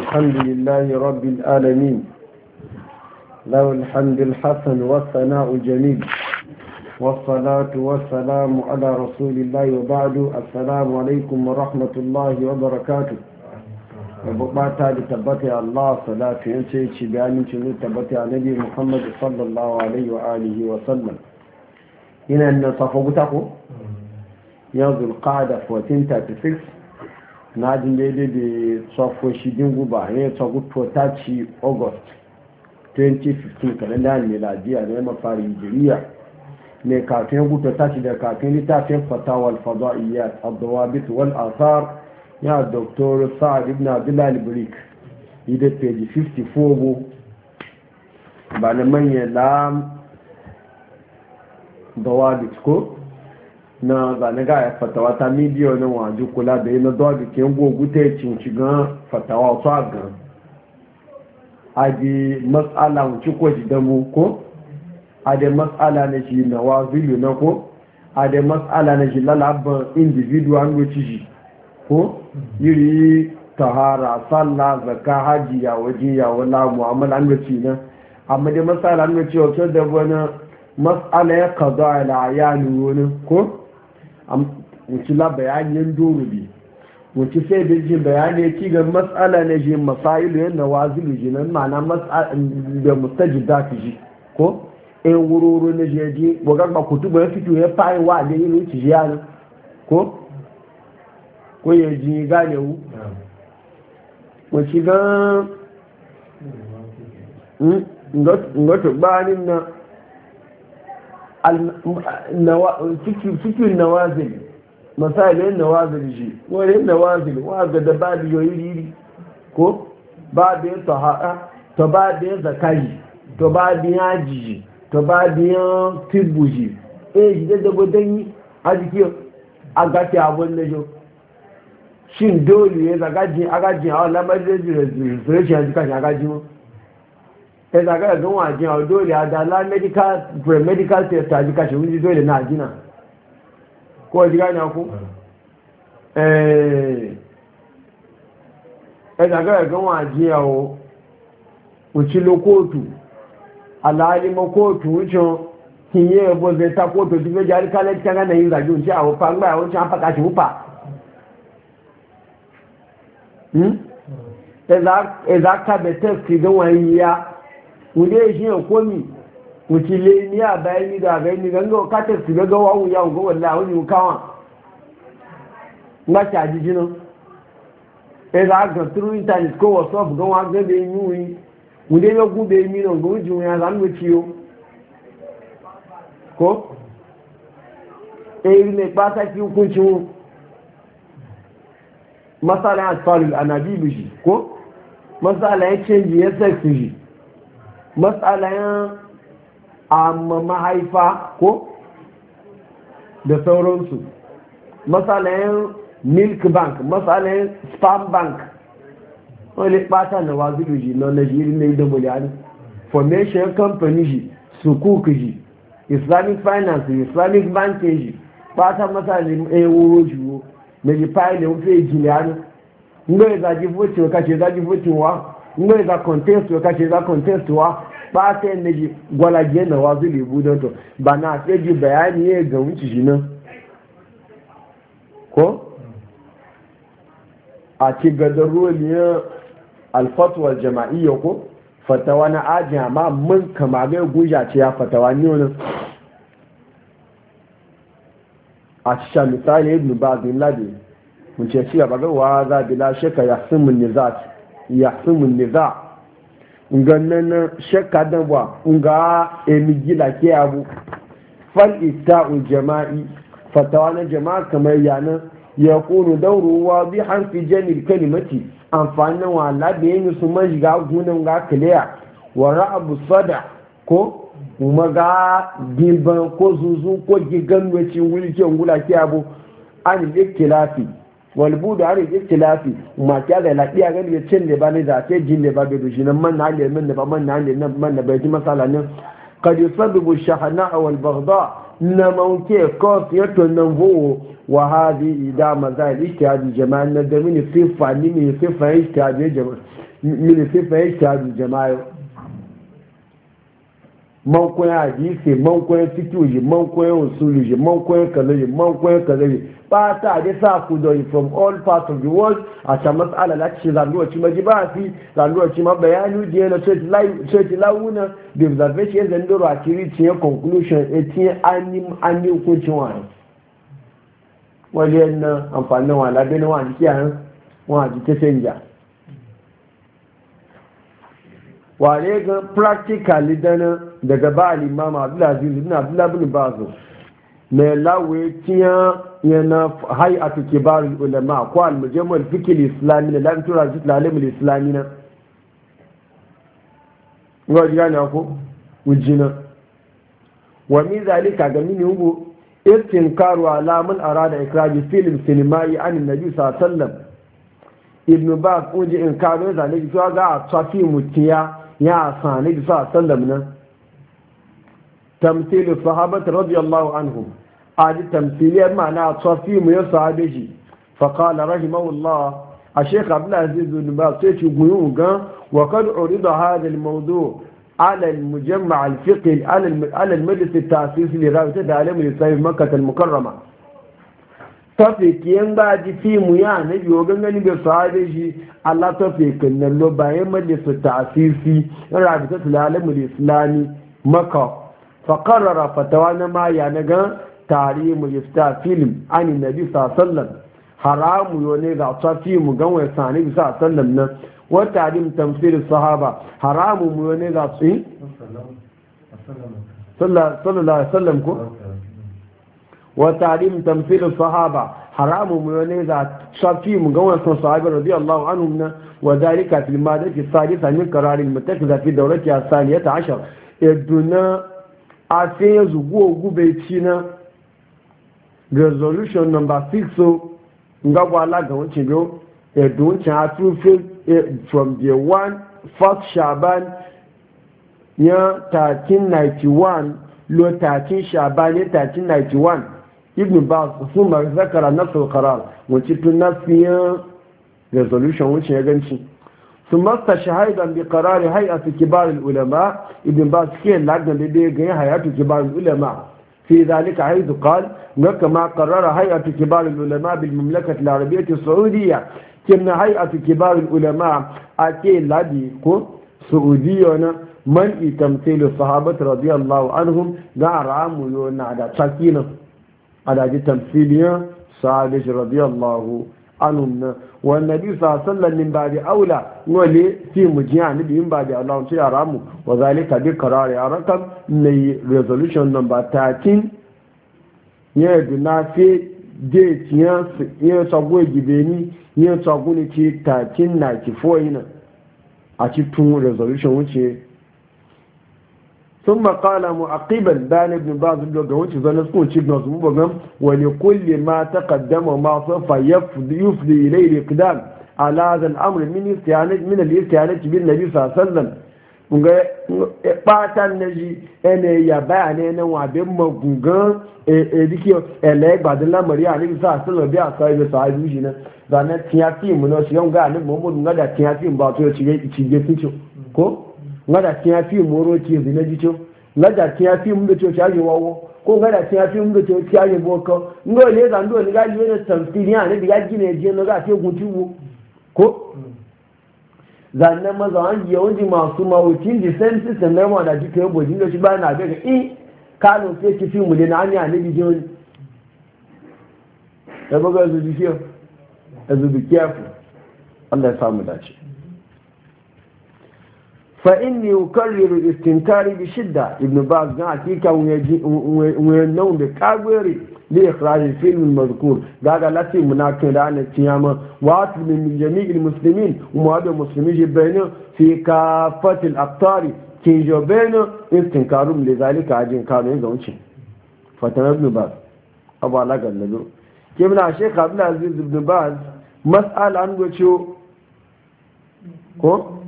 الحمد لله رب العالمين له الحمد الحسن والثناء الجميل والصلاة والسلام على رسول الله وبعد السلام عليكم ورحمة الله وبركاته وبعد تبتع الله صلاة ينشيش بأمين شروط تبتع نبي محمد صلى الله عليه وآله وسلم هنا أن صفوتكم ينظر القاعدة 1436 na jin daidai da tsofo shi dingu guba ne tsogu tota ci august 2015 kalendar miladiya ne mafari hijiriya ne kafin guto ta da kafin littafin fatawar fada'iyya abdawabit wal asar ya doktor sa'ad ibn abdullahi brik ida page 54 bu ba na manyan lam dawabit ko na zane ga fatawa ta miliyo na waju kula da yi na da ke gogu ta cinci gan fatawa su a gan a di matsala wuce ko ji damu ko a da matsala na shi na wazilu na ko a da matsala na shi lalaban individual wuce shi ko yiri tahara sallah zaka haji ya waje ya wala mu'amala an wuce na amma da matsala an wuce wato da wani matsala ya kaza ala ya wani ko wuce la bayanin dorobi wuce sai da ji bayanin ci ga matsala na ji masailu yana wazilu ji nan ma'ana mm, da mustaji da fi ji ko in e wuroro na ji ji wagar ba kutu ba ya fito ya fayi wa da yin wuce ji yana ko ko ya ji gane wu wuce ga mm, ngoto banin na cikin nawazil masalin nawazil shi wani nawazil waga da babu yoyi riri ko babu yin tahara to babu yin zakari to babu yin ajiji to babu yin tibbuji eh shi da dago don yi a a gafi abun na jo shin dole ya zagajin agajin a wani lamarin da jirage jirar jirar jirar jirar jirar jirar ẹ̀sà kẹ́rẹ̀ tó wọ́n àjíyàn ọdó ilẹ̀ adalá medical test àjíká ṣe wújí dóòlẹ̀ náà àjínà kó ọjíká ní ọkú ẹ̀sà kẹ́rẹ̀ tó wọ́n àjíyàn ọ òtílò kóòtù aláàlímọ̀ kóòtù wúchan kí yẹ ẹbọ zẹta kóòtù tí fẹ́ járí kálẹ̀ tí kankan nẹ̀yìn ìrìnàjò tí àwọn fangbà àwọn tí wọ́n pàkà ṣe wúpa hmm? hmm. ẹ̀sà kábẹ̀ test gan wọ́n ya. wule shi ya komi wuce le ni a bayan ni da bayan ni ganga wa katar su ga gawa wuya ga walla wani mukawa ngashi a jijinan za a ga turu internet ko wasu ga wa ga bai yi wuri wule ya gube yi minan ko ne ba ta hukuncin masala ya tsalu a nabi bishi ko masala ya canji ya matsalayen amma mahaifa ko da sauransu matsalayen milk bank matsalayen spam bank wani ɓata na wazu ji na najirin na idan buliyani formation company ji sukuk ji islamic finance islamic banking ji ɓata matsalayen ewuro eh, ji wo na ji fayilin fe jiliyani ngai zaji votin kace zaji votin wa ngai za contest wa kace za contest wa ba ta yin naji gwalaje wa zuli budon to ba na tsaji bayani ya ga wuce shi ko a ci gadar roliyar alfatuwar jama'iyya ko fatawa na ajin amma mun kama mai guja ce ya fatawa ne wani a cikin misali ce shi za yahsumu niza gannan shakka da ba emi gila ke abu fal ita u jama'i fatawa na jama'a kamar yana. ya kunu dauru wadihan fi jami'il kalimati amfanin wa yin su maji shiga gunan ga kiliya wa ra'abu sada ko kuma ga gilban ko zuzu ko gigan wacin wulke ngula ke abu an kilafi walbu da yi tilafi ma kya da lafiya ga ne cin ne ba ne da ke jin ne ba be shi nan man na ne man ne ba man na ne man na bai ji masala ne kad yusabbu shahana wal baghda na mauke ko ya to nan ho wa hadi ida ma za mazal ijtihad jama'an na da min sifa ni min sifa ijtihad jama'a min sifa ijtihad jama'a mankoyin hadisi mankoyin fikiyoyi mankoyin usuluji mankoyin kaloji mankoyin kaloji ba ta dai sa ku da from all parts of the world a ta matsala la ce zanuwa ci maji ba fi zanuwa ci ma bayani da yana sai ti launa the observation yanzu ndoro a kiri tiye conclusion e tiye an yi hukuncin wani wani yana amfanin wa labin wa jiki a wa jiki sai ware ga practically dana daga ba al-imam abdulaziz ibn abdullah ibn baz me lawe tiya yana hay'atu kibar ulama ko al-mujamma al-fiqh al-islami la tura jit al-alim islami na ngo jira nako wujina wa min zalika ga mini hugo karu ala man arada ikraji filin sinimai an nabi sallallahu alaihi wasallam ibn baz in karu zalika ga a tafi mutiya يا عليه وسلم تمثيل الصحابة رضي الله عنهم هذه تمثيلية معنى صفي من صحابه فقال رحمه الله الشيخ عبد العزيز بن باز سيتشوغيوغا وقد عرض هذا الموضوع على المجمع الفقهي على المجلس التاسيسي لرابطة العالم الإسلامي في مكة المكرمة topic yan ba ji mu ya na biyo gangani bai sahabe shi Allah ta topic nan lo bayan majalisar ta'asisi rabita tulalamul islami maka faƙarara fatawa na maya na gan tarihi mu yifta filim ani nabi sallam haramu yo ne ga ta fimu gan wai sani bi sallam nan wa tarihi tamsir sahaba haramu mu yo ne ga su eh? sallallahu alaihi wasallam ko وتعليم تمثيل الصحابة حرام ميونيزا شافي مقوم الصحابة رضي الله عنهم وذلك في المادة الثالثة من قرار na في دورتها الثانية عشر الدنا ci na. resolution number six so ngagwa alaga wuce yo a wuce hatu from the one first shaban ya 1391 lo 13 shaban ya 1391 ibn baz sun ma zakara nafsul qarar wace tun nafiyan resolution wuce ya ganci sun masta shahidan bi qarari hay'ati kibar ulama ibn baz ke lagan da bai ga hay'atu kibar ulama fi zalika haythu na kama qarara hay'atu kibar ulama bil mamlakat al arabiyyah saudiyya kinna hay'atu kibar ulama ake Ladi ko saudiyya na man itamtilu sahabat radiyallahu anhum da ramu yo na da tsakinan adaji tamsiliyan sahabi radiyallahu anhu wannan bi sa sallan min ba da aula wale fi mujiya ni bi min ba da Allah sai aramu wa zalika bi qarari arakam ne resolution number 13 ne bi na fi de tiyan su ne sago gibe ni ne sago ni ci 13 na ci 4 ina a ci tun resolution wuce ثم قال mu بان ابن باز لو غوتش زنس كون تشيب ولكل ما تقدم وما صف يفضي اليه الاقدام على هذا الامر من استعانه من الاستعانه بالنبي صلى الله عليه وسلم nga ene ya baya ne na wabe ele gbadun lamari a nufi sa silo bi a sai bi sai bi na zanen mu na shi mu da tiya ba to ya ge ge ko ngada ti ya fi moro ti bi na jicho ngada ti ya fi mu da to shaje wawo ko ngada ti ya fi mu da to shaje boko ngo le da ndo ni ga yi ne tamfili ne bi ga gine je no ga wo ko zanne an na yawan da na i fi mu na Fa'in ne ukan riru istinkari shidda, Ibn Babu na haƙi kan wuyan nau'in da kagweri ne ya faruwar filin mako, za a ga alasimu na tunanin ciyama, wata jami'in Musulmin mu haɗu da Musulmin shi bai ne ka fatin Akutari, Kinjiba bai ne. Ina istinkar min da zan yi kaji kanu zan ci. Ibn Babu, abu Allah ke yi na yi da lallu. Kin na zai yi da Ibn an goce ko.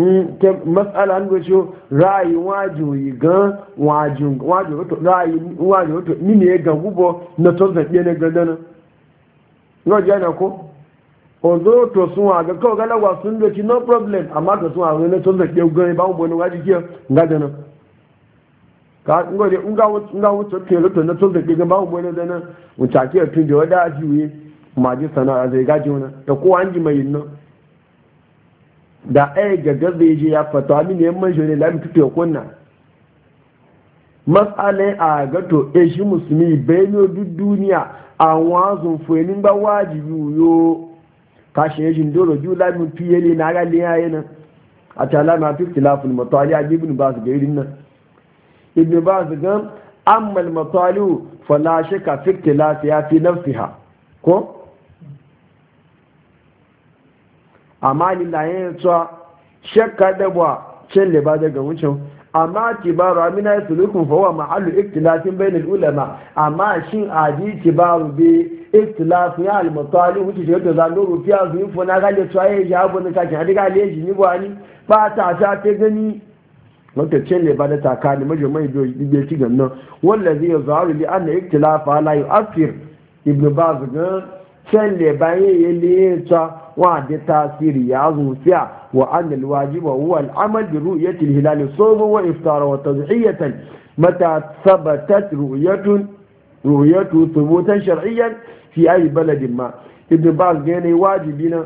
Mm, masala ngo cho rayi waju yi waju waju to rayi waju to ni ne ga gubo na to zan ne ga dana no jana ko ozo to sun wa ga ko gala wa sun doki no problem amma to sun wa ne to zan je gan ba mu ne waji ga dana ka ngo de nga wo nga wo to ke to na to zan je gan ba ne dana mu ta ke tun je ji wi ma ji ko mai da ai gaga zai je ya fata min ne shi shone lami tuke kunna masale a gato e shi musulmi bayo duk duniya a wazun fuenin ba wajibi yo kashin yajin doro ju lami yi na ga liya yana a ta lami ma fi tilafin matali a ibn ba su gairin nan ibn ba su gan ammal matali fala ka fi tilafi ya fi nafsiha ko amma lillahi tsawa shakka da ba cin liba daga wucin amma kibaru amina ya sulukun fawa ma'allu iktilafin bai ulama amma shin adi kibaru be iktilafin ya almutali wuce shi yadda zalo rufiya su yi funa gale tsawa ya yi abu na kashin adiga ne shi ni ba ta ta ta gani wata cin liba da takani majamai biyu ɗibe ci gannan wanda zai zaru li an na iktilafa la yi afir ibn baz gan cin liba ya yi liye tsawa wa da tasiri ya zuciya wa annal wajiba huwa al'amal bi ru'yati al-hilal sawma wa iftara wa tadhiyatan mata thabatat ru'yatun ru'yatu thubutan shar'iyyan fi ayi baladin ma ibn baz gane wajibi na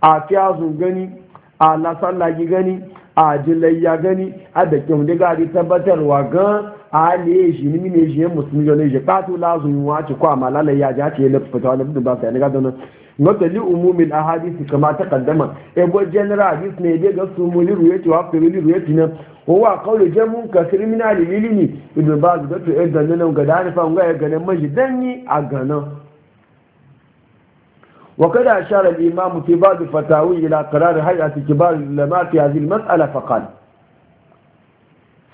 a fiyazu gani a lasallagi gani a jilayya gani a da kyau da gari tabbatarwa gan a ne shi ni ne shi musulmi ne shi katu lazu yi ci kwa malala ya ja ce lafi fata wani ibn baz ya ni gado notali umumin ahadisi kama ta kaddama ebo general hadis ne dai ga su muli ruyati wa fi muli ruyati ne ko wa kaulu jamu ka criminal lilini ibn baz da to edan nan ga da fa ga ga nan maji danni a gana wa kada ashara al imam fi baz fatawi ila qarar hay'ati kibar ulama fi hadhihi al mas'ala fa qala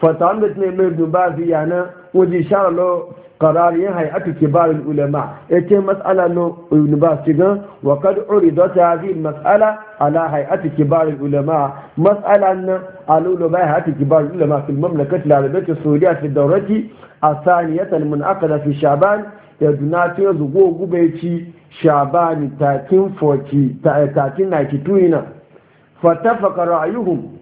fatawan da tunai mai duba biya na waje sha lo qarariyin hay'atu kibar ulama yace mas'ala no university gan wa kad urida hadhihi mas'ala ala hay'ati kibar ulama mas'ala na alulu bai hay'ati kibar ulama fi a al-arabiyyah as a fi dawrati الثانية المنعقدة shaban شعبان يدنا تيزغو غوبيتي شعبان 1340 1392 fatafaka رأيهم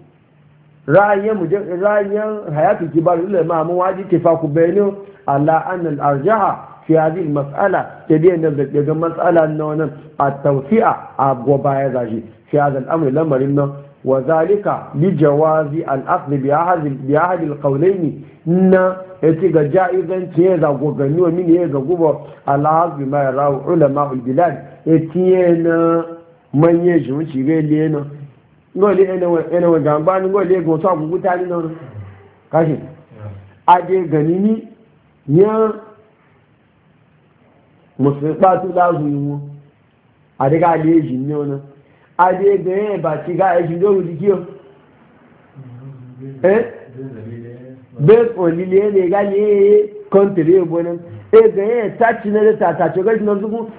ra'ayin hayatu kibar ulama mun waji ku bayani ala an arjaha fi hadhihi al-mas'ala tabi an daga mas'ala na wannan at-tawfi'a a goba ya zashi fi hadha al-amr lamarin nan wa zalika li jawazi al-aqd bi ahad bi ahad al-qawlayn na yace ga jaizan ce za gogani wa min ya ga gubo ala bi ma ra'u ulama al-bilad yace na manye shi mun ci le na? ngọ́ọ̀lẹ́ ẹnẹ̀wọ̀n jàmbá ní ngọ́ọ̀lẹ́ egun tó àgùnkú tá nínú ọdún káṣí adé gani ní yán mùsùlùmí pàtó láàrù ìwọ adéká adé èjì ní ọ̀nà adé gẹ̀ẹ́ ẹ̀bà tí ká èjì lóru di kí o bẹ́ẹ̀ pọ̀ lílé ẹ̀ lè gá lé kọ́ńtẹ̀lẹ́ ìbọn náà e ga yin taci na da tatace gashi na zuku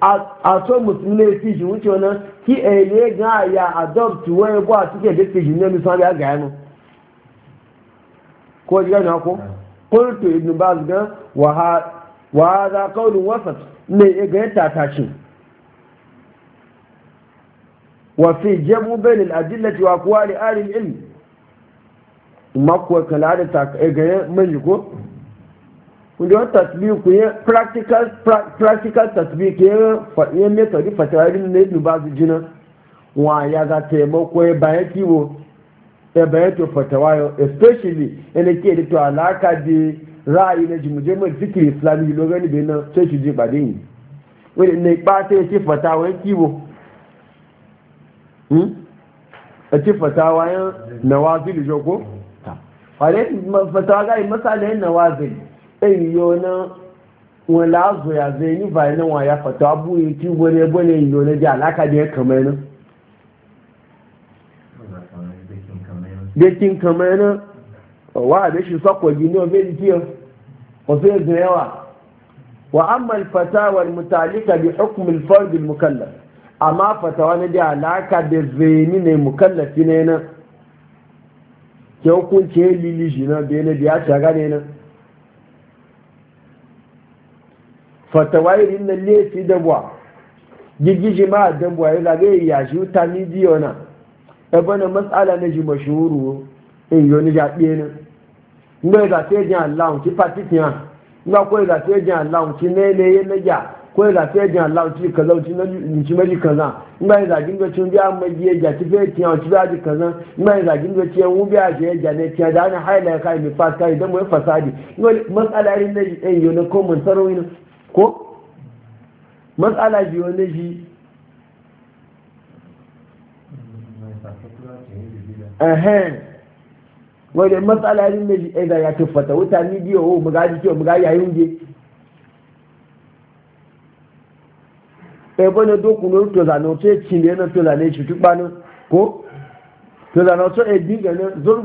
a so musulmi ne fi shi wuce wani ki e ne ga ya adopt wani e gwa suke da fi shi ne misali a ga yanu ko ji gani ako mm. kultu ibn baz ga wa za kaunin wasat ne e ga ta tatace wa fi jamu bain al-adillati wa aqwali ahli al-ilm makwai kala da ta e ga yin manji ko wajen tasbiku ya practical practical tasbiku ya ya metodi fatarin ne ibn bazu jina wa ya ga taimako ya bayan kiwo ya e bayan to fatawayo especially ina e ke da to alaka da ra'ayi na jimuje mai fikir islami lokacin da yana sai shi je bade ni wani ne ba fatawa kiwo a ce joko eyiyo na wọn láàzọ yàzẹ nígbà iná wọn àyàfọ̀tò abu tí wọlé bọ́lé eyiyo na jẹ́ alákàdé kàmẹ́ náà. Bekin kàmẹ́ náà ọ̀wá àbẹ́sù sọ́kọ̀ yìí ní ọ̀fẹ́ ìdí ọ̀ ọ̀fẹ́ ìgbìn ẹ̀wà. Wà á mọ̀ fatawa mutalika bi hukum al mukallaf Amma fatawa na da alaka da zeni ne mukallafi ne na. Ke lili bene biya fatawayirin na lefi dabuwa gigiji ma dabuwa ya zagaye ya shi ta ni biyo na ebe na matsala na ji mashuru in yi wani jaɓe ne nga ya zafe jin allahun ki patikin ha nga ko ya zafe jin allahun ki ne ne ya na ya ko ya zafe jin allahun kaza ki na ci maji kaza nga ya zagin da cin biya maji ya ja ki fe tiyan ci biya ji kaza nga ya zagin da ciyan wu biya ji ya ja ne tiyan da ana haila ya kai mai fasari don mu yi fasadi nga matsala irin na yi yi ko matsala biyoloji wani wadda matsala yin da shi ɗaya eh, ya tuffata wuta ni biyo o oh, muga ji kyau muga yayin je ɗaya eh, bane dokun lori to zane otu eci ne na to zane shi tuk ne ko to zane otu edi gane zoro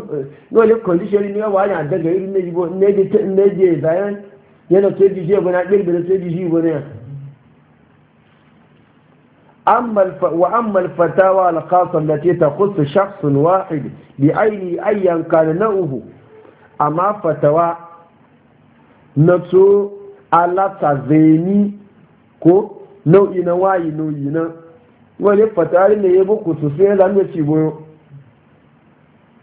ne ole kondishoni ne wani a daga irin ne jibo ne je zayen yana sai ji je bana bil bil to ji ji bana amma wa amma al fatawa al khassa ta takhussu shakhs wahid bi ayni ayyan kana nauhu amma fatawa na so ala tazeni ko nau'i na wayi nau'i na wani fatawa ne ya buku su sai zan ci boyo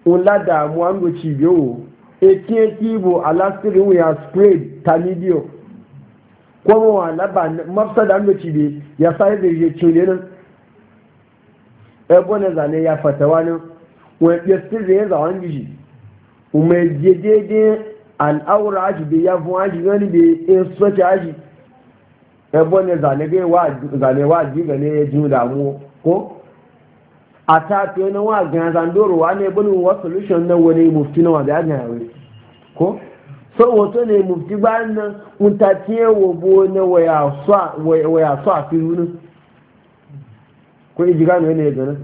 un la damuwa ngo ci biyo eti eti ibo alasiri wuya spread talidio kuma wa laba mafsa da ando cibi ya sai da je cile nan ebo ne zane ya fatawa wa ya sirri ya zawan gishi kuma al'aura aji ya fun aji gani in aji ebo zane ga wa zane wa ya ji damu ko a ta fi wani wa gana zandoro wa ne bani wa solution na wani mufti na wanda ya gana wai ko so wato ne mufti bayan na un ta ce wa bo na waya so a fi wuni ko iji gano ne e ya gana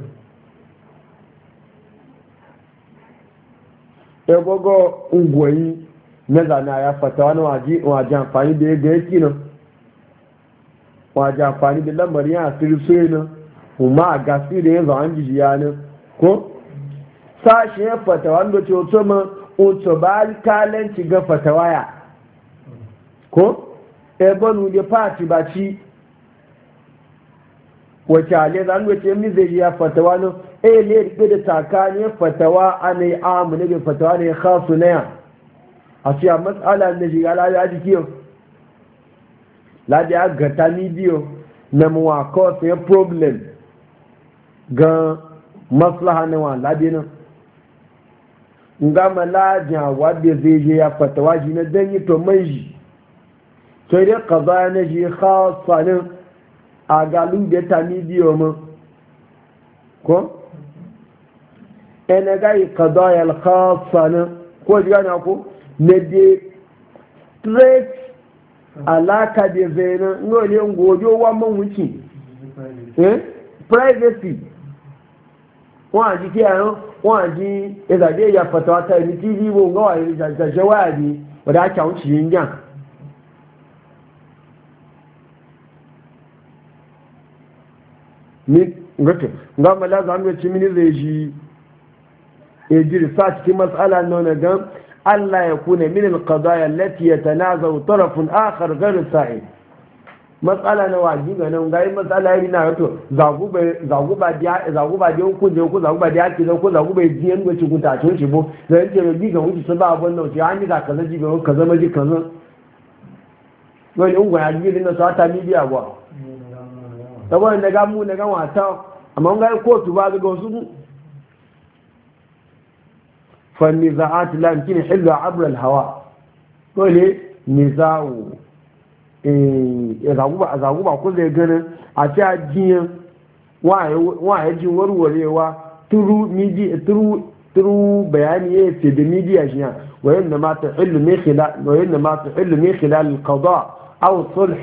ya gogo ungwayi na zana ya fata wani waje amfani da ya ga yaki nan waje amfani da lambarin ya asiri soyi nan kuma a gasi da yanzu an jiji yanin ko sashi ya fatawa wanda ce wato ma oto ba kalanci ga ya ko ebonu da fati ba ci wace ale za mu ce mi zai ya fatawa no e le rike da takani fatawa yi amu ne fatawa ne khasu ya a ce a matsala ne shiga ala ya ji kiyo la da ni biyo na mu wa ko problem ga maslaha na wa labe nan nga malajin da zai je ya fatawa shi na dan yi to mai shi sai dai kaza na shi khasa ne a galu da ta ni biyo mu ko ene ga yi kaza ya khasa ne ko ji gane ko ne de trace alaka da zai nan ngole ngojo wa mun wuce eh privacy wọ́n àjí kí ẹ̀rọ wọ́n àjí ìdàdé ìyàfọ̀tọ̀ àtà ìlú tí ìlú wà ní ìjàjẹ́ wáyà ní ọ̀dá àkà ń ń yàn ní rẹ̀kẹ̀ ngọ́mọ̀ ji masala na allah ya kuna min alqadaya allati yatanaza'u tarafun akhar ghayr sa'id matsala na waji ga nan ga matsala yi na to zagu ba zagu ba dia zagu ba dia ku je ku zagu ba dia ki ko zagu ba dia ngo ci guta to shi bo zan ce bi ga wuce sun ba abun nan ci an yi da kaza ji ga kaza ma ji kaza wani ungo ya ji na sa ta biya ba saboda na ga na ga wata amma ga kotu ba ga wasu fa nizaat la yumkin hilwa abra al hawa dole nizawu Eh, zaguba ku zai ganin a jiyan waye wayajin warwarewa turu bayani ya ce da midiya shi ya wayan da mata ilimin khilal kaza a sulh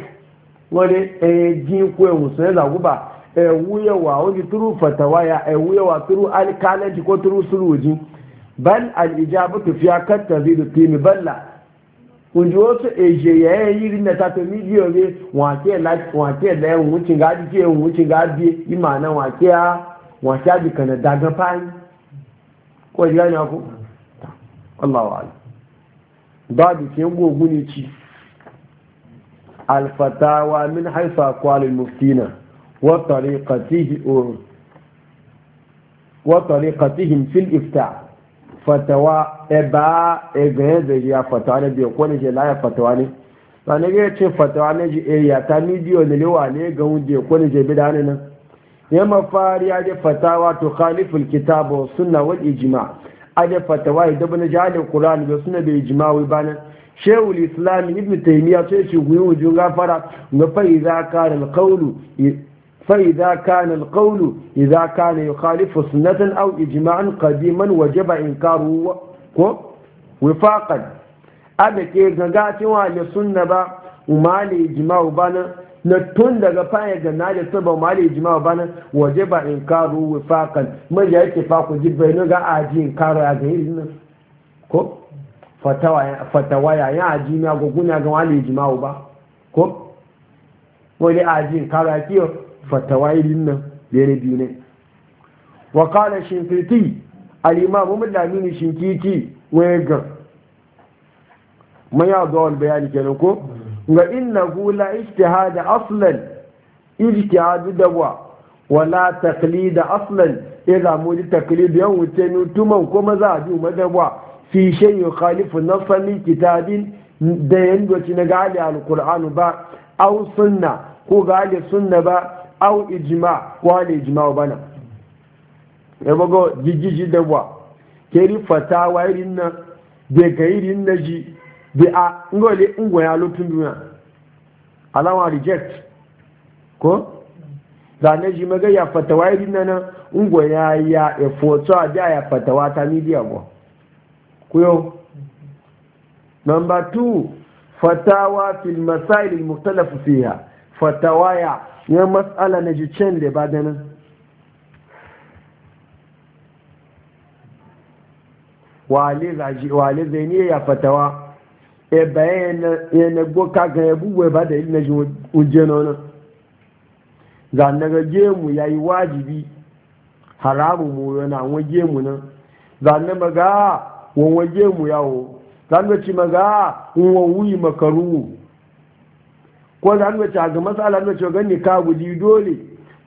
wani eh, jin kuwa musu ya zaguba eh, wuyawa wani turu fatawa ya wuyawa turu alkalaji ko turu suruji bal al'ijabatu fiya kan tazidu timi balla kunji wasu eje ya yi yiri na tato miliyo ne wake da yawon wucin gadi ke yawon wucin gadi imana wake ya a, ya bika na daga fahim ko ji gani ako Allah wa ala babu ke gogu ne ci wa amin haifa kwalin muftina wa tariqatihim fil ifta' fatawa e ba e ganye da ya fatawa ne bai kone shi la ya fatawa ne ba ne ga ce fatawa ne ji e ya ta ni biyo ne lewa ne ga wun je ne je bi da ne nan ya mafari ya je fatawa to khaliful kitab wa sunna wal ijma a je fatawa ya dabana jahilin qur'ani da sunna bai ijma wai ba nan shehul islam ibn taymiya ce shi guyu jun gafara ga fa idza kana al qawlu فإذا كان القول إذا كان يخالف سنة أو إجماعا قديما وجب إنكاره وفاقا أبا كي غنغاتي وعلى سنة با وما لإجماع بنا نتون دغا فايا غنالي سبا وما لإجماع بنا وجب إنكاره وفاقا ما جاء اتفاق جد بينو غا آجي إنكاره أغيرنا كو فتوايا يا أجي ما غنى غوالي إجماع با كو ولي آجي إنكاره أكيو fatawa nan bere biyu ne wa qala shinkiti al-imam mullamini shinkiti ga maya da wal bayani kenan ko ga innahu la ijtihad aslan ijtihad dawa wala taqlid aslan ji mudi da yan wuce ni tuman ko maza a ju madawa fi shay yukhalifu nafsa fannin kitabin da yanzu ci na gali al-qur'an ba au sunna ko gali sunna ba au ijma ko hali ijma bana ya bago jijiji da wa fata fatawa irin na da ga irin na ji da a ngole ngoya lutun duniya alawa reject ko da ne ji maga ya fatawa irin na na ngoya ya e foto a da ya fatawa ta media ku yo number 2 fatawa fil masail al-mukhtalaf fiha ya. yan matsala na jicen da ba ganin wale zai ne ya fatawa e bayan na goka ga ya buwe ba da ilina shi ujje nonon ga gemu ya yi wajibi haramu mu yana waje mu nan zanen maga wani waje mu yawo zanen ci maga wani wuyi makaru ko za mu ta ga masala mu ta ga ka buji dole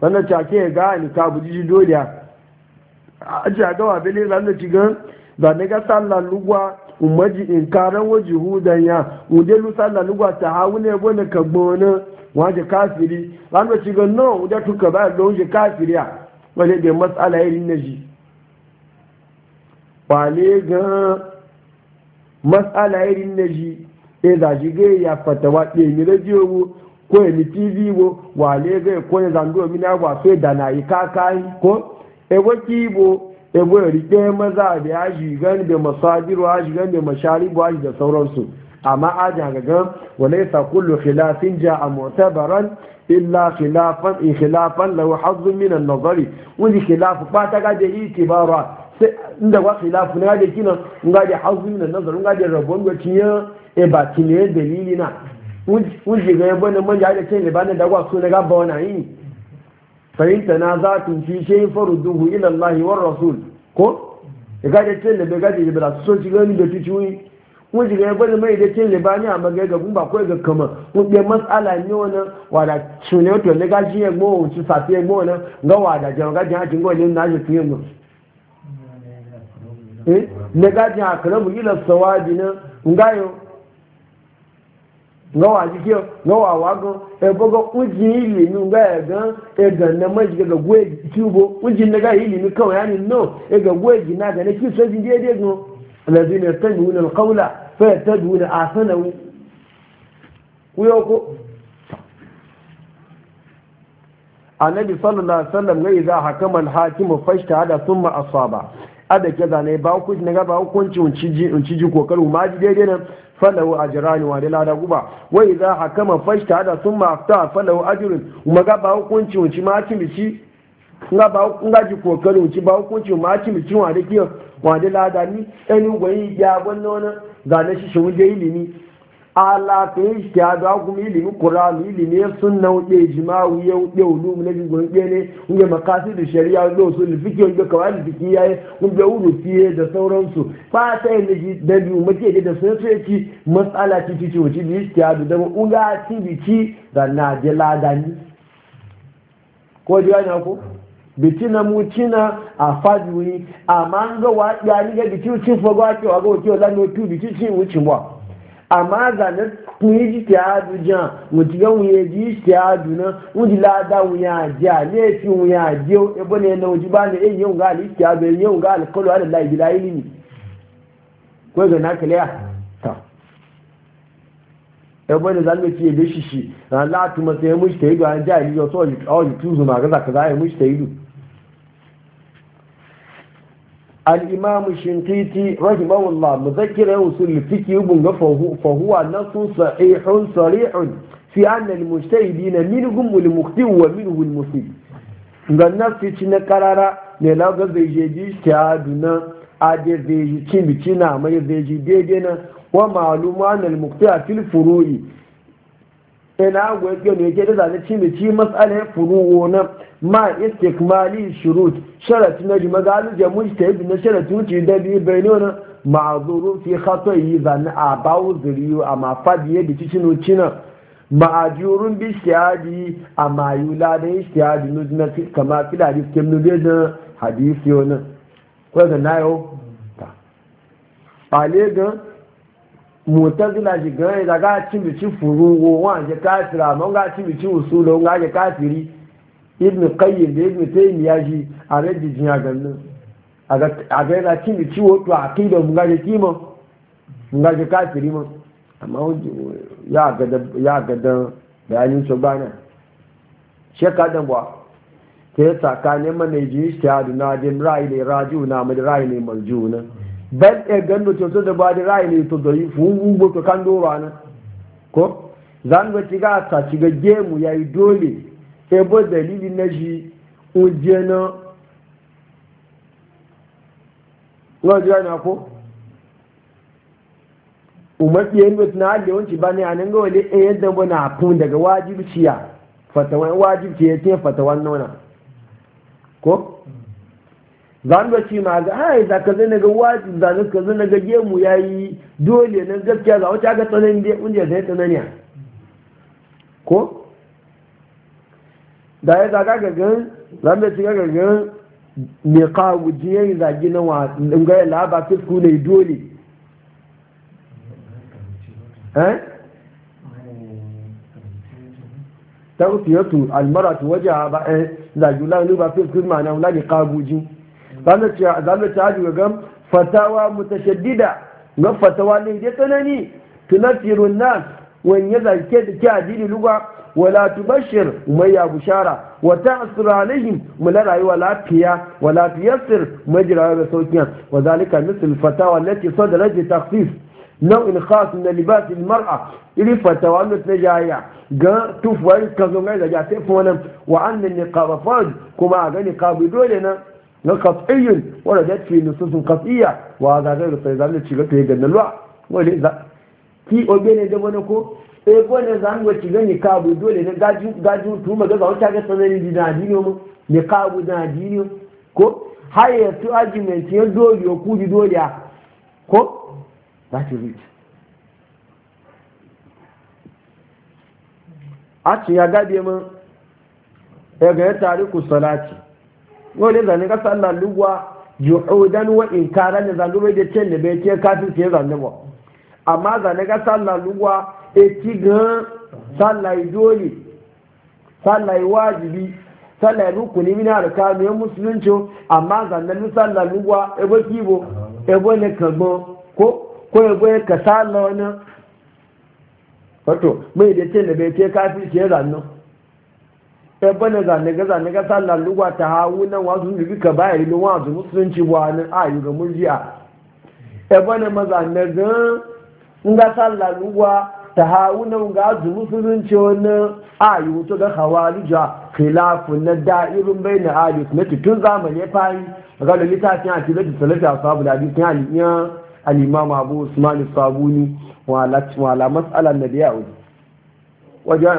wannan ta ke ga ni ka buji dole a ji ga wa bele za mu ci ga da ne ga sallan lugwa umaji in karan waji hudan ya uje lu sallan lugwa ta hawune bone ka gbona waje kafiri za mu ci ga no uje tuka ba don je kafiri a wale da masala irin naji ji ne ga masala irin naji sai da shi ga ya ɗe mi rajiyo mu ko mi tv wo wale zai ko ya zando mi mina wa sai da na yi yi ko ewo kibo e ya rike maza da ya shigan da masajiru shi shigan da masharibu shi da sauransu amma aja ga gan wale sa kullu khilafin ja'a mu'tabaran illa khilafan in khilafan law hazzu min an-nazari wani khilaf ba ta ga da itibara sai inda wa khilafu na ga kinan ga da hazzu min an-nazari ga da rabon wacin eba tinye tile nili na wunji ga yabo na manja ce na gaba wani yi fahimta na za ta fi shayin faru duhu ilallahi wa rasul ko ga gaje ce libe gaje libe da sun ci gani da tuci wuyi wunji ga yabo na mai da ce libani a magai ga gumba ko ga kama wunje matsala ne wani wada cune na gaji ya e gbo wuci safi ya gbo wani ga wada jan gajin hakin gwani na shi fiye mu na gajin na gawa jike gawa wago e uji ili nu ga e na ma ga tubo uji na ga ili ni kawai ani no e ga na ga na ki so jinde de go alladhina yattabi'una alqawla fa yattabi'una ahsanahu kuyo ko annabi sallallahu alaihi wasallam ga idza hakama alhakim fashtahada thumma asaba ada kaza ne ba ku ne ga ba hukunci unci ji unci ji kokaru ma ji falau ajrani wa lada guba wa idza hakama fashtahada thumma afta falahu ajrun umaga ba hukunci unci ma cin bici nga ba nga ji kokari unci ba hukunci ma cin bici wa da kiyo wa da lada ni eni ya gwanno na ga na shi ilimi ala ishtihadu akum ilimi qur'an ilimi sunna wuce ijma'u ya wuce ulum na jin gurbe ne wuce makasidu shari'a wuce usul fiqh wuce kawai fiqh yayi wuce ya da sauransu fa ta yi da biyu mace da sun so yaci mas'ala ci ci wuce bi ishtihadu da uga ci bi ci da na je ladani ko ji ana na mu a fajuyi amma an ga wa ya ni ga bici cin fago wa ga wuce amma zanen kun yi jiti adu jan mutu ga wuye ji jiti adu na wuti lada wuya ajiya laifi wuya ajiya ebo ne na wuji ba ne eyi yau ga ali jiti adu yau ga alkalu ala la ibila ilimi kwai e ga na kaliya ta ebo ne zan ci ebe shishi na latu masu ya e mushi ta idu an yi yau so a yi tuzu ma ga zaka za a yi e mushi ta idu الإمام الشنقيطي رحمه الله مذكر وصول الفكر فهو نص صحيح صريح في أن المجتهدين منهم المخطئ ومنه المصيب ganna su ci na karara ne lagar zai je ji shahadu na adir zai ji cin bici na mai zai ji daidai na wa ma'aluma na a fil furu'i ina go yake ne yake da zane ci ci masalan furu ma istikmali shurut sharati na jima ga alu jamu ta yi na da bi bai ne fi khata'i zan zane a bawu zuriyu a ma fadi ya bi cikin ucina ma'ajurun bi shadi a yula da yi shiyadi fi kama fila hadis kim da hadisi wani ko da nayo ta ale mutazila shi da ga cin bici furugo wa je kafira man ga cin bici usulo ga je kafiri ibn qayyim da ibn taymiya shi a rajin jiya gannin a ga yana cin bici wato aqida mun ga je kima mun ga je kafiri mun amma ya ga da ya ga da bayanin su bana sheka dan ba ke tsakanin mana ji shi ta duna dim rai ne raju na mai rai ne marjuna ban e gando to da ba da rai ne to doyi fungu go to kan doro ana ko zan ga tiga ta tiga gemu yayi dole e bo dalili na ji ujena wa jana ko umarci yin wata na hali yawanci ba ne a nan gawa ne yadda na fun daga wajibciya fatawan wajibci ya ce fatawan nuna ko zanbaci ma ga ai za ka zai ga waji za ka zai ga gemu ya yi dole nan gaskiya za wata ga tsanani dai kunje zai tsanani ko da ya daga ga mu zanbaci ga ga gan ne ka wuji yayi da gina wa in ga la ba ku ne dole eh tawfiyatu almaratu wajaha ba eh zagi la ba fi ma na la ka wuji zanda ta hajji gam fatawa mutashaddida ga fatawa ne da tsanani tunafirun nan wani ya zarke da ke addini lugwa wala tubashir mai ya bushara Wata ta'sir alaihim mula rayuwa lafiya wala lafiyassir mai jirawa da sauƙiya wa zalika misl fatawa lati da bi takhsis nau'in khas na libas mar'a iri fatawa na ta jaya ga tufuwar kazo ga da ta fi wa annan niqab fard kuma a ga niqab dole na na kafiyun wanda da ce nususun kafiya wa za zai rufe zan da ci ga fiye ganin luwa wani za ki obe ne da wani ko sai eh, ko ne zan wa ci gani kabu dole ne gaju tuma ga wata ga sanari di na dino mu ne kabu na dino ko haye ya tu argument ya dole ya kuji dole ya ko that is it a ci ya gabe mu ya ga ya ku salati wani zane ka sallar lugwa yuhudan wa inkara ne zane bai da cin da bai ce kafin zane ba amma zane ka sallar lugwa e ci gan sallar dole wajibi sallar rukuni min arkanu ya musulunci amma zane sallar lugwa ebe kibo ebo ne kagbon ko ko ebo ka ma wani wato mai da cin da bai ce kafin zane ebana zane ga zane ga sallar lugwa ta hawu nan wasu nufi ka ba ilimin wasu musulunci wa nan a yi ga murjiya ma zane ga nga sallar lugwa ta hawu nan ga su musulunci wani a yi ga na da'irin bai na ali na tutun zamani ya fari ga da littafin a cikin da salata sabu da abu usman sabuni wa mas'alan wajen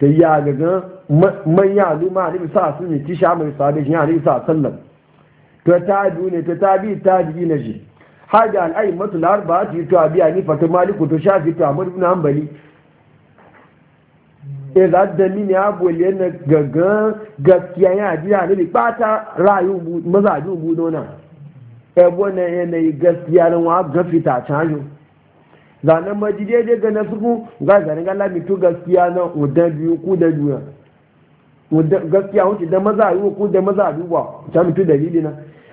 ta yi agaga manya aluma ne sa su ne tisha mai sabi shi ne sa sallam ta tabi ne ta tabi tabi na shi har da masu lahar ba su yi tuwa biya ni fata maliku to fi tuwa madu na hambali e za da mini abole na gaga gaskiya ya jiya ne bi ta rayu mazaji ubu nona ebo na yanayi gaskiya na wa ta canjo zanen maji daidai ga na suku ga zanen gala lamitu gaskiya na udan biyu ku da duniya gaskiya wuce da maza a yi ku da maza a duba ta mutu dalili na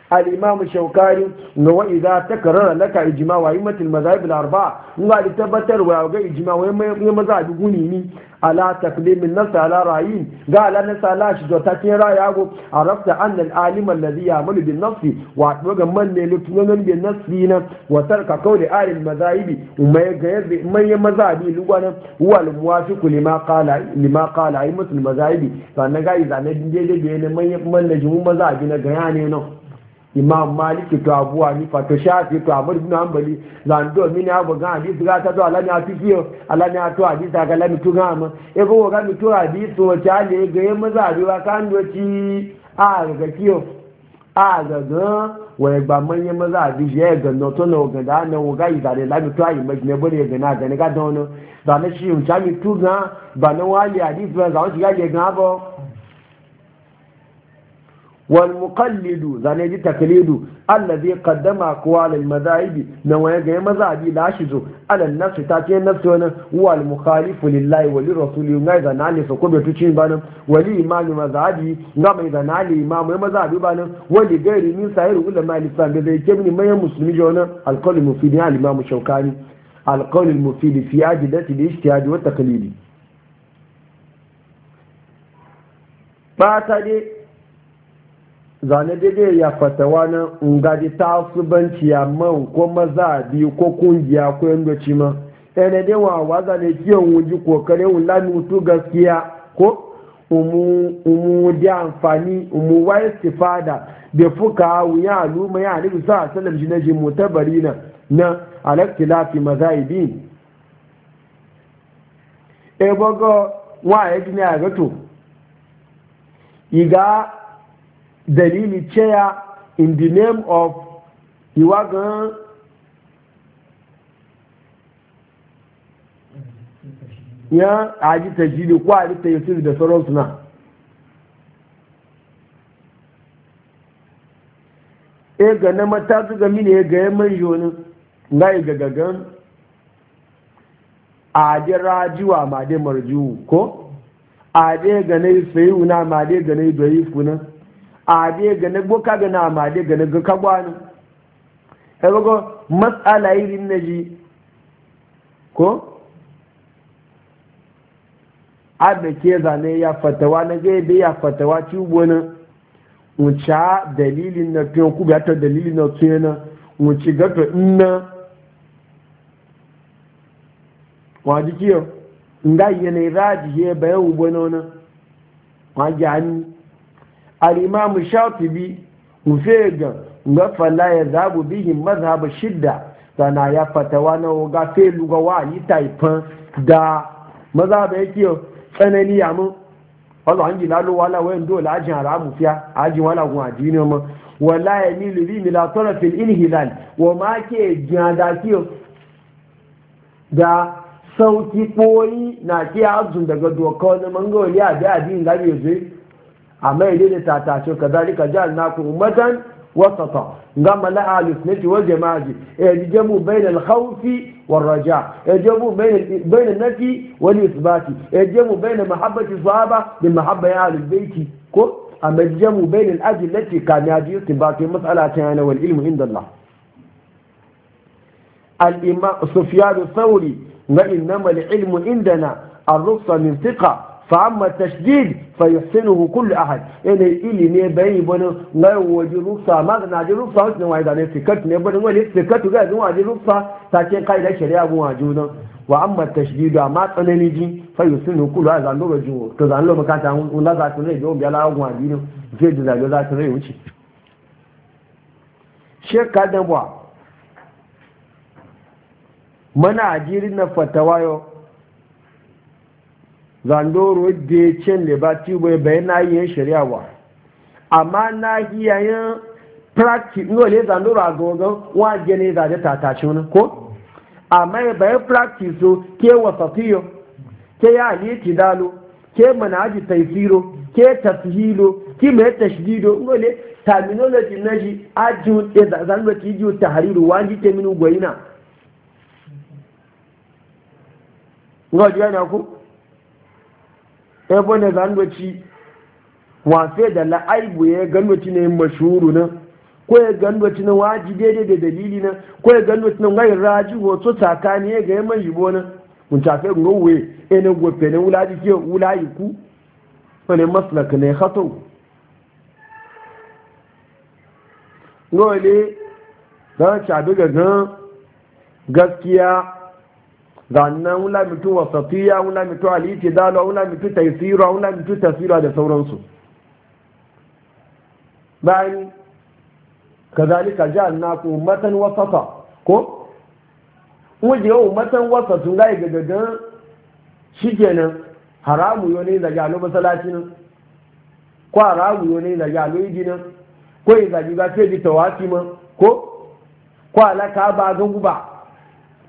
al-imam shaukari ga wa idza takarrara laka ijma wa immatul mazahib al-arba'a in ga tabbatar wa ga ijma wa mai mazhabi guni ni ala taklimin nas ala rayi ga ala nas ala shi ta kin ra'ya go arafta anna al-alim alladhi ya'malu bin nafs wa doga man ne lutunan bin nafsi na wa tarka qawli ahli al-mazahibi mai ga mai mazhabi lugwanan huwa al-muwafiqu lima qala lima qala immatul mazahibi sannan ga idza ne dinde da ne mai man ne jumu mazhabi na ga ne no imam maliki to abu hanifa to shafi to amur ibn hanbali zando mini abu ga hadisi ga ta to alani a alani a hadisi ga lami tu gama e ko ga mi to hadisi wa chale ga yin mazabi wa ga kiyo ga gba manye mazabi je e ga no to no ga da na ga yi da lami to ayi mai ne bore ga na ga ne ga don da shi un chami tu ga ba no wali hadisi ba za o ti ga ga walmukallidu zane ji taklidu allazi qaddama aqwalal madhahib na waye ga mazhabi la shi zo alal nafsi ta ce nafsi wani wal mukhalifu lillahi wa lirrasuli ga ga nali so ko bitu cin banan wali imamu mazhabi ga mai ga nali imamu mazhabi banan wali gairi min sahiru kullu mali san da zai kebni mai musulmi jo wani alqawl mufid ya imamu shaukani alqawl mufid fi adilati al-ijtihad wa taklidi ba ta dai zane daidai ya fatawa na ngadi tasubanci ya man ko maza biyu ko kungiya ko yandoci ma ɗaya dai wa waza ne kiyon wuji kokarin wula mutu gaskiya ko umu di amfani umu wa istifada da fuka wuya aluma ya nufi sa salam shi na jimu tabari na na alaktilafi e ebogo wa gina ya gato iga dalili ceya in the name of iwagan ya aji tajiri ko ta yi da sauran na e ga na mata su ga mini ya eh, ga ya mai yoni na gagagan a ji rajiwa ma dai marjiwu ko dai ga na yi sayi wuna ma dai ga na yi doyi funan a dai ga na boka ga na ma dai ga na ga kagwani ya e bago matsala irin na ji ko a da ke zane ya fatawa na ga yadda ya fatawa ci na wuce dalilin na fiye ku ta dalilin na tuye na wuce gato ina wajikiyo nga yanayi ya bayan ugbo na wani wajen al'imamu shafibi ga ga falla ya bi bihin mazhaba shidda sana ya fatawa na ga fe luga wa yi da mazhaba yake tsanani ya mun wala an gila wala wayan dole ajin haramu fiya ajin wala gun ajini mu wala ya milu bi mila tarafil inhilal wa ma ke jada kiyo da sauki koyi na ke azun daga doka na mangawali a da adin ya zai amma idan da tatace ka zalika ja'alnakum ummatan وسطا قام نعم، لا أهل السنة والجماعة إيه، يجمع بين الخوف والرجاء يجمع بين بين النفي والإثبات يجمع بين محبة الصحابة بمحبة أهل البيت كو أما يجمع بين الأجل التي كان يجي اثبات مساله كان والعلم عند الله الإمام سفيان الثوري وإنما العلم عندنا الرخصة من ثقة فأما التشديد فيحسنه كل أحد إن إلي نبي بنا غير وجه رفصة ما غنى عجل رفصة وإن وإذا نفكت نبنا ولي فكت غير نوع عجل رفصة تاكين قيد الشريعة مواجونا وأما التشديد ما تنمجي فيحسنه كل أحد عن نور جوه تزعن له مكاتا ولا ذات نري جوه بيالا أغوى دينه في جزا جو ذات نري وشي شيخ كادنبوا mana ajirin na zandoro da cin da ba ti bai bayan nahiyan shari'a ba amma nahiyayen practice no le zandoro a gogon waje ne za da tatace wani ko amma ya bayan practice so ke wasafiyo ke ya ali tidalo ke manaji taisiro ke tafhilo ki mai tashidido? no le terminology na ji ajin da e zandoro ki ji ta tahriru waji ke minu goyina Ngo jiya na ku ebe zan zanwaci wafe da la'aibu ya ganwaci ne mashuru na ko ya ganwaci na waji daidai da dalili na ko ya ganwaci na ngai raji hoto tsakani ya ga ya mai yibo na mun tafe ngowe na gofe ne wulaji ke wulayi ku wani maslak ne khato ngole da ta bi ga gaskiya zanna wula mitu wasatiya wula mitu aliti itidal wula mitu taysir wula mitu tasir da sauransu bayan kazalika ja'alnakum ummatan wasata ko wuje ummatan wasatun ga daga shikenan haramu yo ne da galo masallaci nan ko haramu yo ne da galo idi nan ko izaji ga ce bi tawati man ko ko alaka ba gangu guba.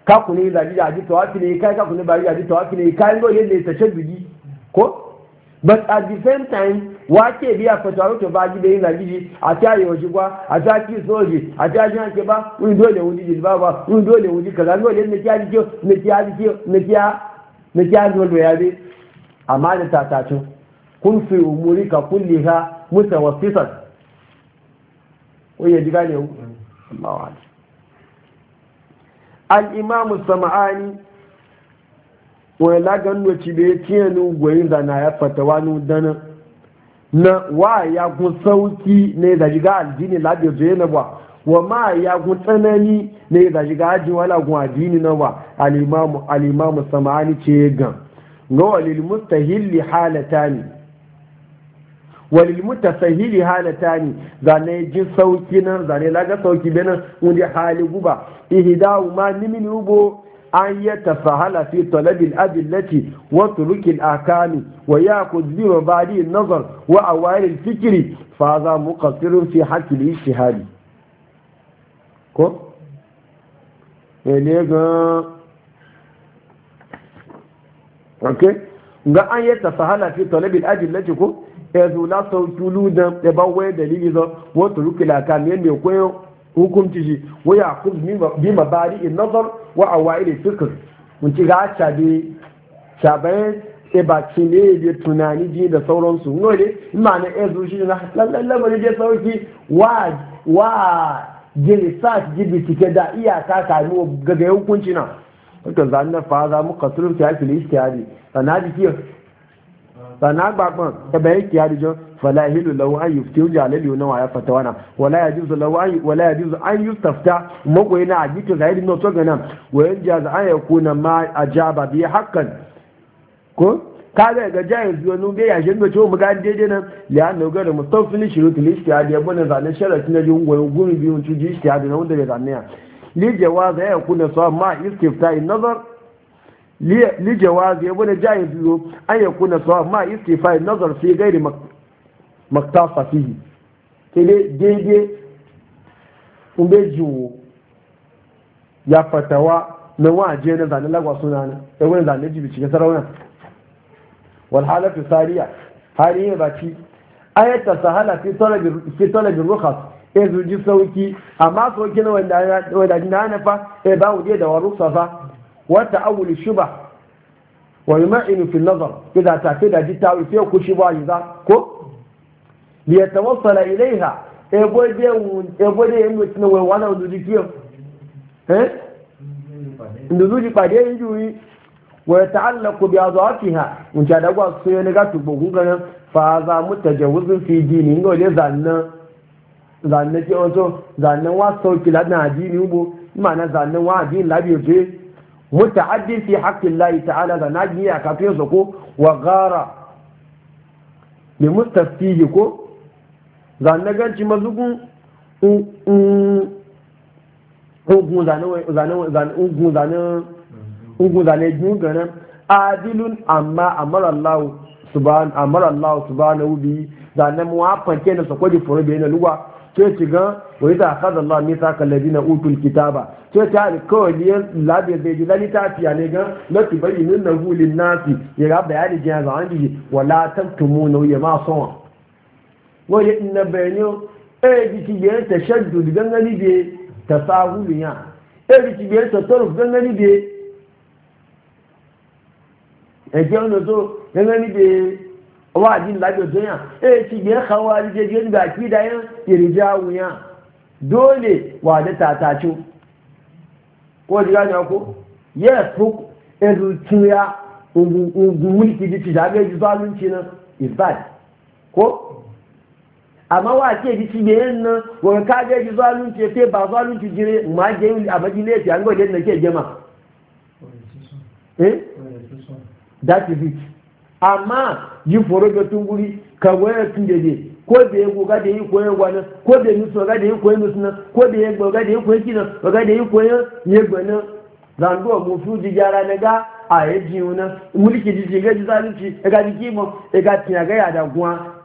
kakuni zaji zaji tawafi ne kai kakuni ba zaji tawafi ne kai ngo yelle ta shabbiji ko but at the same time wa ke biya fatawa to ba ji da yin zaji a ta yi waje kwa a ta ki soji a ta ji hanke ba un dole wuji ji ba ba un dole wuji kaza ngo yelle ki aji ki ne ki aji ki ne ki ne ki aji wanda ya bi amma da tatatu kun fi umuri ka kulliha mutawassitan ko ya ji gane amma wani al'imamu sama'ani wani lagan noci da ya ciye ni gwayin zana ya fata wani dana na wa ya kun sauki ne da shiga aljini labe zuwa na ba wa ma ya kun tsanani ne da shiga ajin wala kun addini na ba al'imamu sama'ani ce gan ga walil mustahilli halata ne walil mutasahili halatani zane ji sauki nan zane laga sauki benan wunde hali guba ihdahu ma nimin ubo an ya tafahala fi talabil adillati wa turukil akami wa yaqud bi mabadi nazar wa awail fikiri fa za mu kasirin fi hakili shi hali. ko ne ga Ok? ga an ya tafahala fi abin adillati ko yanzu la sau tulu da ya e ba waya dalili zan wata rukila ka ne mai koyo hukunci shi waya kun bi mabari in nazar wa awaili fikr mun ci ga shabe shabe sai ba ci ne da tunani ji da sauransu nole ma na yanzu shi na lallabari da sauki wa wa jibi cike da iyaka kami gaga hukunci na. Wata na fa za mu kasurfi ya fili istiyari, sana jikiyar sana gbagban ebe yake harijan fala hilu lahu an yufti uja lalli wa ya fata wana wala yajuzu lahu an wala yajuzu an yustafta magoyi na ajiki zahiri no to ganan wa za an yakuna ma ajaba bi haqqan ko Ka ga jayin zuwa nun bai yashin da cewa muka daidai nan ya na ga da mustafili shirutu lishtiyadi ya bane zane sharafi na jin goyon gurin biyun cuji ishtiyadi na wanda bai zane ya li jawaza ya kuna sa ma istifta in nazar li jawazi ya bude jayi biyo an ya kuna sawa ma istifai nazar fi gairi maktafa fihi sai dai daidai umbe jiwo ya fatawa na waje na zane lagwa suna na ya wani zane jibi cikin sarauna wal halatu sariya yi yin baki ayat sahala fi talabin rukhas e zuji sauki amma sauki na wanda na fa e ba wuje da wa ruksa fa وتأول الشبه ويمعن في النظر إذا تعتد جدت أو يسيوك شبه إذا كو ليتوصل إليها ebode yin mutu na waiwana nduji kiyo eh nduji pade yin juyi wa ta'allaqu bi adhafiha mun ta dagwa so ne ga tubo gungana fa za mutajawizun fi dini ngo le zanna zanna ki onto zanna wa so kila na dini ubo mana zanna wa dini labi oje muta'addin fi حق ta'ala تعالى ذا ناجي ka ko wa gara li ko ganci mazugun ugun zane zane ugun zane zane adilun amma amara Allah subhanahu amara Allah subhanahu bi zanna mu na sokodi foro bi sai ci ga wai da akaza Allah ne saka ladina utul kitaba ce ta kawai alkawali labe zai ji lani ta fiya ne ga bari nun na lin nasi ya ga bayani jiya jin ga an ji tumu na ya ma sawa wa ya inna bayanu e eh, ji ci ga tashaddud gangani be tasahulu ya e eh, ji ci ga tataruf gangani be e ji an do gangani be wa ajin lafiya duniya eh ci ya kawo je je ga ki da yan irja wuya dole wa da tatacu ko ji ga ko yes book ezu tuya ungu mulki ji ci daga ji zalunci nan is bad ko amma wa ce ji ci bayan na, wa ka ga ji zalunci sai ba zalunci jire ma je a baji ne ci an gode ne ke jama eh that is it amma yi foro ga tunguri ka waya tundeje ko da ya goga da yi koyon wani ko da yi so ga da yi koyon musu nan ko da ya goga da yi koyon kinan ko ga da yi koyon ya gwanin zando mu su ji gyara na ga a yi yaji wani mulki ji ji ga ji zalunci ga ji kimon ga tiya ga ya da guwa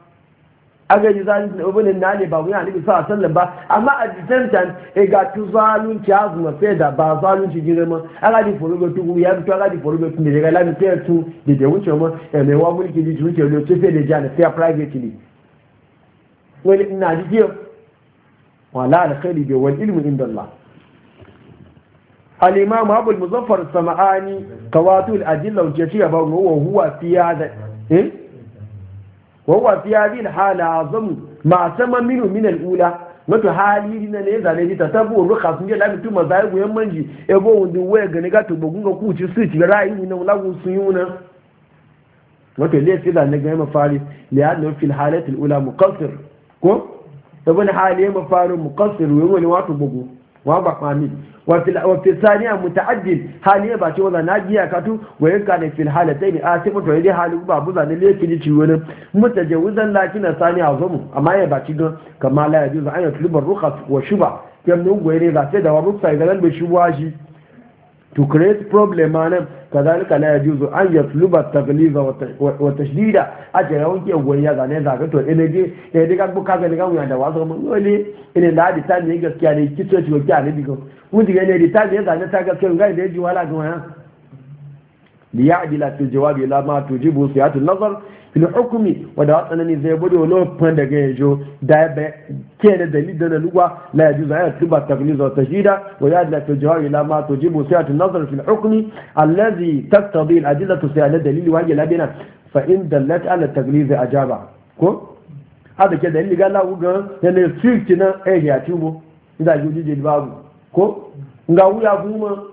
agaji zalunci da ubulin na ne ba wani alibi sa sallan ba amma a jisan can e ga tu zalunci a zuma sai da ba zalunci girma agaji forogo tu ya tu agaji forogo tu ne ga lami sai tu da da wuce ma e mai wa mulki di wuce ne ce sai da jana sai privately wani ina ji kiyo wala alkhairi bi wal ilimin inda Allah al-imam Abu al-Muzaffar Sama'ani qawatul adilla wa jafiya ba wa huwa fi hada eh wawa fi hadin hala azamu ma sama minu min al'ula wato hali na ne zane ji ta tabo ruka sun je lafi tuma zai goyen manji ebo wundi waya gani ga to bugun ga kuci su ci ra'ayi na lagu sun yuna wato le sai ne ga mafari li hadna fil halati al'ula muqassir ko bani hali mafari muqassir wani wato bugu wa ba kwami wa fi saniya muta'addin hali ba ce wanda na giya tu wa yanka ne fil a asimu mutu yadda hali ba buza ne lefi ni ciwo ne mutajawizan lakina saniya azumu amma ya ba ci don kama la yajuzu an tulubar rukhas wa shuba kam nun goyre ba sai da wa ruksa idan ba shi to create problem ma nan. kazalika la yajuzu an yatluba tagliza wa tashdida a ce yawon ke goyya ne zaga to ina je ka buka ga ne ga da wasu mun dole ina da hadi ta ne gaskiya ne kito ci ne digo mun diga ne da ta ne zaga ta gaskiya ga ji fil hukumi wada watsanani zai bude wani wafan daga ya jo da ya ke da dalil da na lugwa la ya juza ya tuba taklif wa tashida wa ya da ta jawari la ma to jibu sai ta nazar fil hukumi allazi taqtadi al adilla to sai ala dalil wa ya labina fa in dallat ala taklif ajaba ko hada ke dalil ga lawu ga yana strict na eh tubo da babu ko nga wuya kuma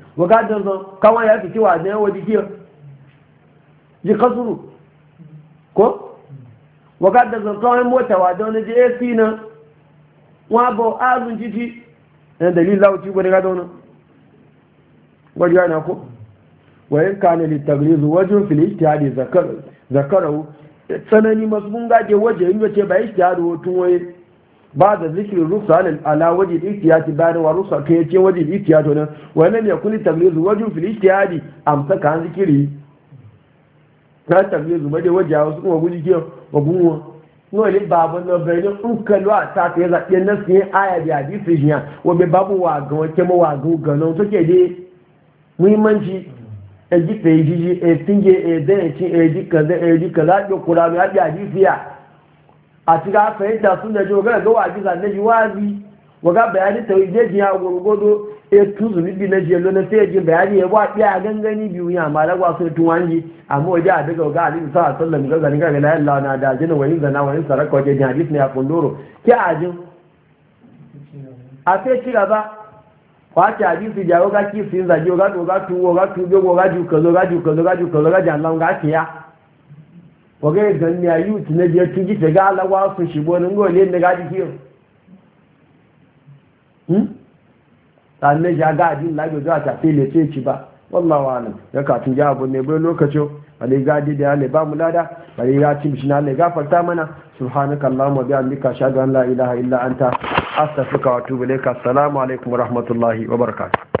bukatar zan kawai ya fiti wa zai waje kiyar ji kasuru ko bukatar zan kawai mota wa da wani jsc na wa ba azun titi na dalilin lauci gwada gada wani gwada yana ko wayan kane littabrizu wajen filistiyadi zakarau tsanani masu bunga ke waje yin wace ba ishtiyadu tun waye ba da zikirin rusa ne ala waje wajib ihtiyati bayan wa rusa kai yace wajib ihtiyati wannan wa lam yakun tagliz wajib fil ihtiyadi amsaka an zikiri ta tagliz ba da wajiya wasu kuma guji ke wa gunwa no le babu no be ni ukalu ata te za ke na sin aya bi hadisi jiya wa be babu wa gan ke mo wa ga gan no to ke de muhimmanci eji pe jiji e tinge e de e di kaza e di kaza yo a bi hadisi ya a cika fahimta sun da jiwa ga waji zane ji wazi waga bayani ta wajen jiya gwargwado ya tuzu nibi na jelo na sai jin bayani ya wa ɗaya gangani biyu ya ma lagwa sun tun wani amma wajen a daga waga alibi sa a sallam ga zane gaga layan launa da jina wani zana wani saraka hadis ne a kundoro ke a a sai ci gaba kwace hadisi jawo ga kisi yin zage waga tuwo ga tuwo ga tuwo ga juka zo ga juka zo ga juka zo ga jan ke ya wagar ni hmm? a yi wuce na biyar tun gita ga alawa sun shigo nan ga wale na gadi kiyo sannan ya ga adin labi zuwa ta fi le ce ci ba wallawa nan ya ka tun ya abu ne bai lokacin wale gadi da ya ba mu lada wale ya ci mishi na le gafarta mana subhanaka allahumma wa bihamdika shadu la ilaha illa anta astaghfiruka wa atubu ilaik assalamu alaikum wa rahmatullahi wa barakatuh